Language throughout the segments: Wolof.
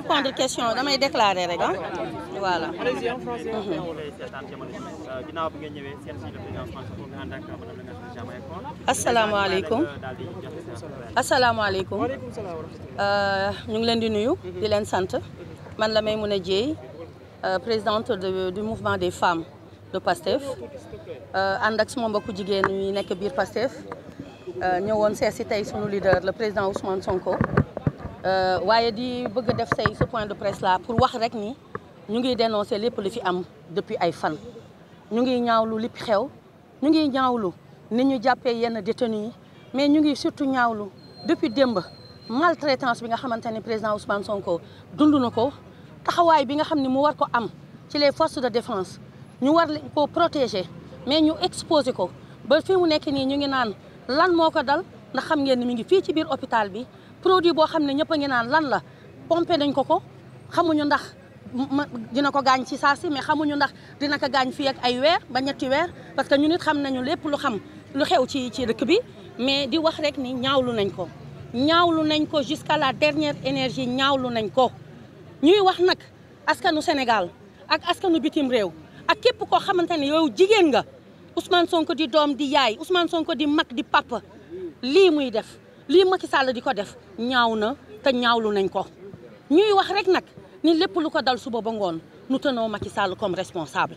répondre question damay déclarer rek ah voilà. Mhm. asalaamaaleykum asalaamaaleykum euh, ñu ngi leen di nuyu di leen sant man la may Maimouna Dieye euh, présidente du mouvement des femmes de PASTEF euh, ànd ak suma mbokku jigéen ñi nekk biir PASTEF ñëwoon se si tey sunu lider le président Ousmane Sonko. Euh, waaye di bëgg def say ce point de presse la pour wax rek nii ñu ngi dénoncer lépp lu fi am depuis ay fan ñu ngi ñaawlu lépp xew ñu ngi ñaawlu ni ñu jàppee yenn détenu yi mais ñu ngi surtout ñaawlu depuis démb maltraitance bi nga xamante ne président Ousmane Sonko dund na ko taxawaay bi nga xam ni mu war ko am ci les forces de défense ñu war ko protéger mais ñu exposé ko ba fii mu nekk nii ñu ngi naan lan moo ko dal ndax xam ngeen ni mi ngi fii ci biir hôpital bi produit boo xam ne ñëpp a ngi naan lan la pompé nañ ko ko xamuñu ndax dina ko gaañ ci saa si mais xamuñu ndax dina ko gaañ fii ak ay weer ba ñetti weer parce que ñun it xam nañu lépp lu xam lu xew ci ci dëkk bi mais di wax rek ni ñaawlu nañ ko ñaawlu nañ ko jusqu'à la dernière énergie ñaawlu nañ ko ñuy wax nag askanu Sénégal ak askanu bitim réew ak képp koo xamante ne yow jigéen nga Ousmane Sonko di doom di yaay Ousmane Sonko di mag di papa lii muy def lii Macky Sall di ko def ñaaw na te ñaawlu nañ ko ñuy wax rek nag ni lépp lu ko dal suba ba ngoon nu tenons Macky Sall comme responsable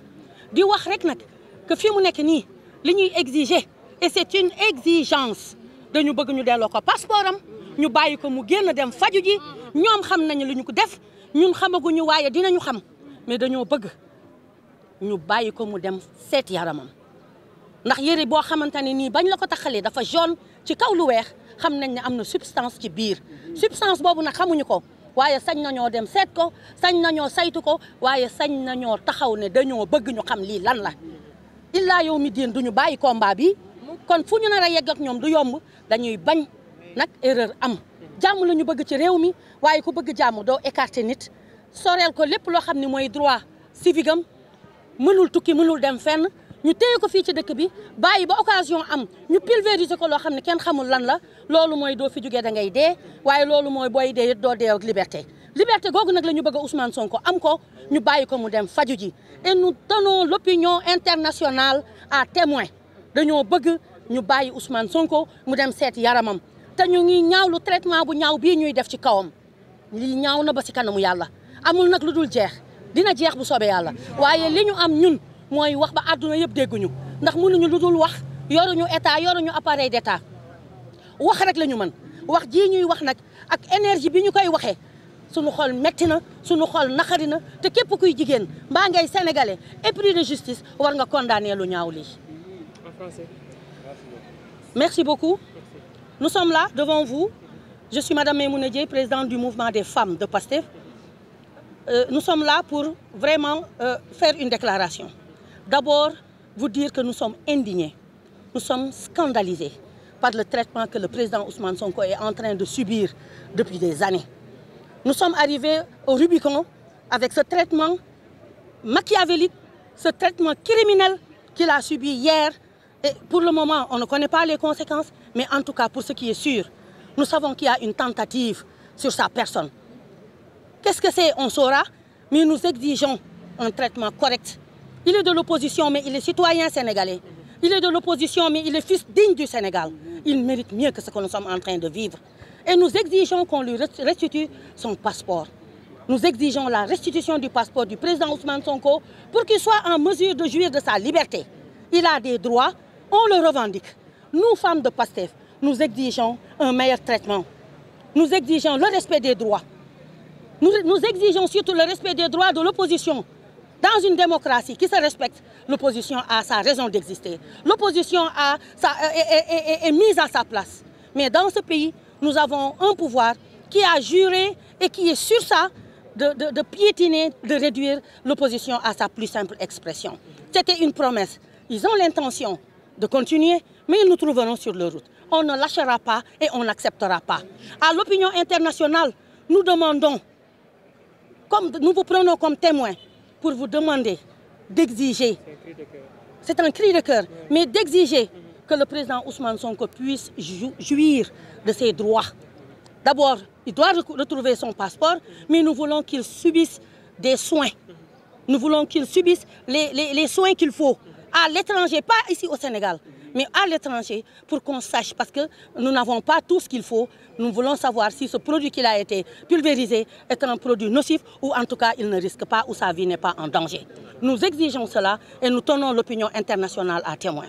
di wax rek nag que fi mu nekk nii li ñuy exige et c'est une exigence dañu bëgg ñu delloo ko passeport am ñu bàyyi ko mu génn dem faju ji ñoom xam nañu li ñu ko def ñun xamaguñu waaye dinañu xam mais dañoo bëgg ñu bàyyi ko mu dem seet yaramam ndax yëre boo xamante ne nii bañ la ko taxalee dafa jaune ci kaw lu weex xam nañ ne am na substance ci biir substance boobu nag xamuñu ko waaye sañ nañoo dem seet ko sañ na ñoo saytu ko waaye sañ nañoo taxaw ne dañoo bëgg ñu xam lii lan la illaa yow mi diin ñu bàyyi combat bi kon fu ñu nar a yegg ak ñoom du yomb dañuy bañ nag erreur am jàmm la ñu bëgg ci réew mi waaye ku bëgg jàmm doo écarter nit soreel ko lépp loo xam ne mooy droit civique am mënul tukki mënul dem fenn ñu téye ko fii ci dëkk bi bàyyi ba occasion am ñu pulvériser ko loo xam ne kenn xamul lan la loolu mooy doo fi jógee da ngay dee waaye loolu mooy booy dee doo dee ak liberté liberté googu nag la ñu bëgg a Sonko am ko ñu bàyyi ko mu dem faju ji nu nous tenons l'opinion internationale à témoin dañoo bëgg ñu bàyyi Ousmane Sonko mu dem seeti yaramam te ñu ngi lu traitement bu ñaaw bii ñuy def ci kawam ñaaw na ba si kanamu yàlla amul nag lu dul jeex dina jeex bu soobee yàlla mooy wax ba àdduna yëpp dégguñu ndax mënuñu lu dul wax yoruñu état yoruñu appareil d'état wax rek la man wax jii ñuy wax nag ak énergie bi ñu koy waxee suñu xol metti na suñu xol naqari na te képp kuy jigéen mbaa ngay sénégalais épris de justice war nga condamner lu ñaaw lii merci beaucoup nous sommes là devant vous je suis madame Maïmouna Dièye présidente du mouvement des femmes de Pastef euh, nu sommes la pour vraiment euh, faire une déclaration D'abord, vous dire que nous sommes indignés, nous sommes scandalisés par le traitement que le président Ousmane Sonko est en train de subir depuis des années. Nous sommes arrivés au Rubicon avec ce traitement machiavélique, ce traitement criminel qu'il a subi hier. pour le moment, on ne connaît pas les conséquences, mais en tout cas, pour ce qui est sûr, nous savons qu'il y a une tentative sur sa personne. Qu'est-ce que c'est On saura, mais nous exigeons un traitement correct Il est de l'opposition, mais il est citoyen sénégalais. Il est de l'opposition, mais il est fils digne du Sénégal. Il mérite mieux ce que nous sommes en train de vivre. Et nous exigeons qu'on lui restitue son passeport. Nous exigeons la restitution du passeport du président Ousmane Sonko pour qu'il soit en mesure de jouir de sa liberté. Il a des droits, on le revendique. Nous, femmes de PASTEF, nous exigeons un meilleur traitement. Nous exigeons le respect le respect des droits de l'opposition. Dans une démocratie qui se respecte, l'opposition a sa raison d'exister. L'opposition est, est, est, est mise à sa place. Mais dans ce pays, nous avons un pouvoir qui a juré et qui est sur ça de, de, de, piétiner, de réduire l'opposition à sa plus simple expression. C'était une promesse. Ils ont l'intention de continuer, mais ils nous trouveront sur le route. On ne lâchera pas et on n'acceptera pas. À l'opinion internationale, nous demandons, comme nous vous prenons comme témoins, pour vous demander d'exiger, c'est un cri de cœur, mais d'exiger que le président Ousmane Sonko puisse jouir de ses droits. D'abord, il doit retrouver son passeport, mais nous voulons qu'il subisse des soins. Nous voulons qu'il subisse les, les, les soins qu'il faut à l'étranger, pas ici au Sénégal. mais à l'étranger, pour qu'on sache, parce que nous n'avons pas tout ce qu'il faut. Nous voulons savoir si ce produit qui a été pulvérisé est un produit nocif ou en tout cas il ne risque pas ou sa vie n'est pas en danger. Nous exigeons cela et nous tenons l'opinion internationale à témoin.